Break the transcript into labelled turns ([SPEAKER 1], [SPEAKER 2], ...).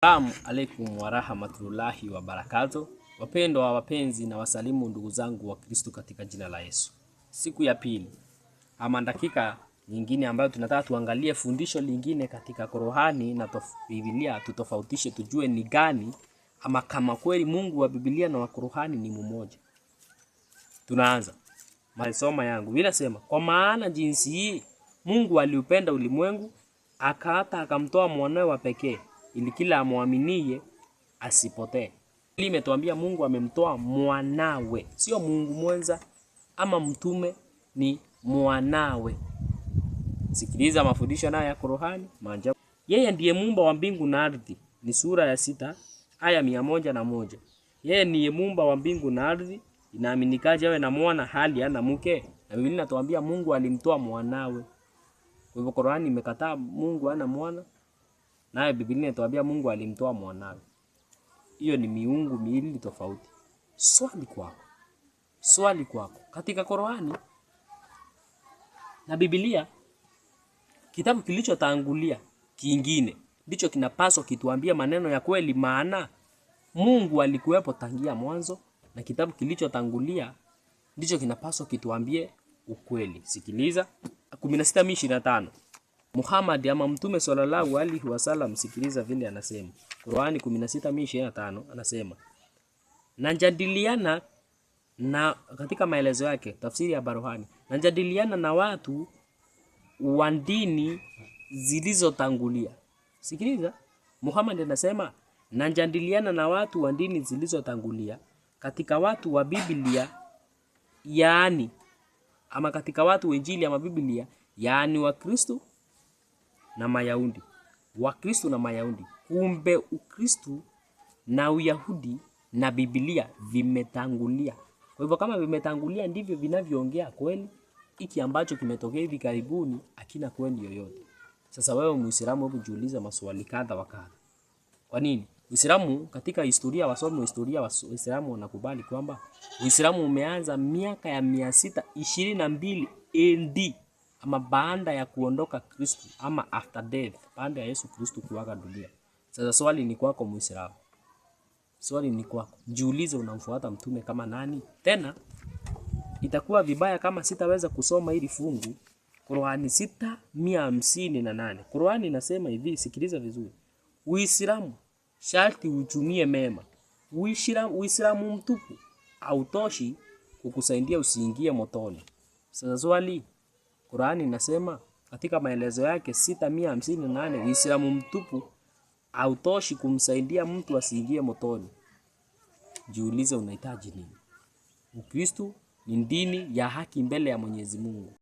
[SPEAKER 1] Salamu alaikum warahmatullahi wabarakatu, wapendwa wa wapenzi na wasalimu ndugu zangu wa Kristo katika jina la Yesu. Siku ya pili ama dakika nyingine ambayo tunataka tuangalie fundisho lingine katika Korohani na Biblia, tutofautishe tujue ni gani ama kama kweli Mungu wa Biblia na wa Korohani ni mmoja. Tunaanza masomo yangu bila sema, kwa maana jinsi hii Mungu aliupenda ulimwengu, akaata akamtoa mwanawe wa pekee ili kila amwaminie asipotee. Hili imetuambia Mungu amemtoa mwanawe, sio Mungu mwenza ama mtume, ni mwanawe. Sikiliza mafundisho nayo ya kurohani manja. Yeye ndiye muumba wa mbingu na ardhi, ni sura ya sita aya mia moja na moja. Yeye ndiye muumba wa mbingu na ardhi, inaaminikaje awe na mwana hali ana mke? Na Biblia inatuambia Mungu alimtoa mwanawe. Kwa hivyo Qur'ani imekataa Mungu ana mwana. Naye Biblia inatuambia Mungu alimtoa mwanawe. Hiyo ni miungu miwili tofauti. Swali kwako, swali kwako, katika Korani na Biblia, kitabu kilichotangulia kingine ndicho kinapaswa kituambia maneno ya kweli, maana Mungu alikuwepo tangia mwanzo, na kitabu kilichotangulia ndicho kinapaswa kituambie ukweli. Sikiliza 16:25. Muhammad ama Mtume sallallahu alaihi wasallam, sikiliza vile anasema Qurani 16:25 anasema, najadiliana na katika maelezo yake tafsiri ya Baruhani, najadiliana na watu wa dini zilizotangulia. Sikiliza, Muhammad anasema najadiliana na watu wa dini zilizotangulia katika watu wa Biblia, yaani ama katika watu wa Injili ama Biblia, yaani wa Kristo na Mayahudi, Wakristo na Mayahudi. Kumbe Ukristo na Uyahudi na Biblia vimetangulia. Kwa hivyo kama vimetangulia, ndivyo vinavyoongea kweli. Hiki ambacho kimetokea hivi karibuni akina kweli yoyote. Sasa wewe Muislamu, hebu jiulize maswali kadha wa kadha. Kwa nini Uislamu katika historia, wasomi wa historia Waislamu wanakubali kwamba Uislamu umeanza miaka ya mia sita ishirini na mbili AD ama baada ya kuondoka Kristo ama after death, baada ya Yesu Kristo kuaga dunia. Sasa swali ni kwako Muislamu, swali ni kwako, jiulize, unamfuata mtume kama nani? Tena itakuwa vibaya kama sitaweza kusoma hili fungu Qurani sita mia hamsini na nane. Qurani inasema hivi, sikiliza vizuri. Uislamu sharti utumie mema. Uislamu mtupu hautoshi kukusaidia usiingie motoni. Sasa swali Qurani inasema katika maelezo yake sita mia hamsini na nane Uislamu mtupu hautoshi kumsaidia mtu asiingie motoni. Jiulize unahitaji nini? Ukristo ni dini ya haki mbele ya Mwenyezi Mungu.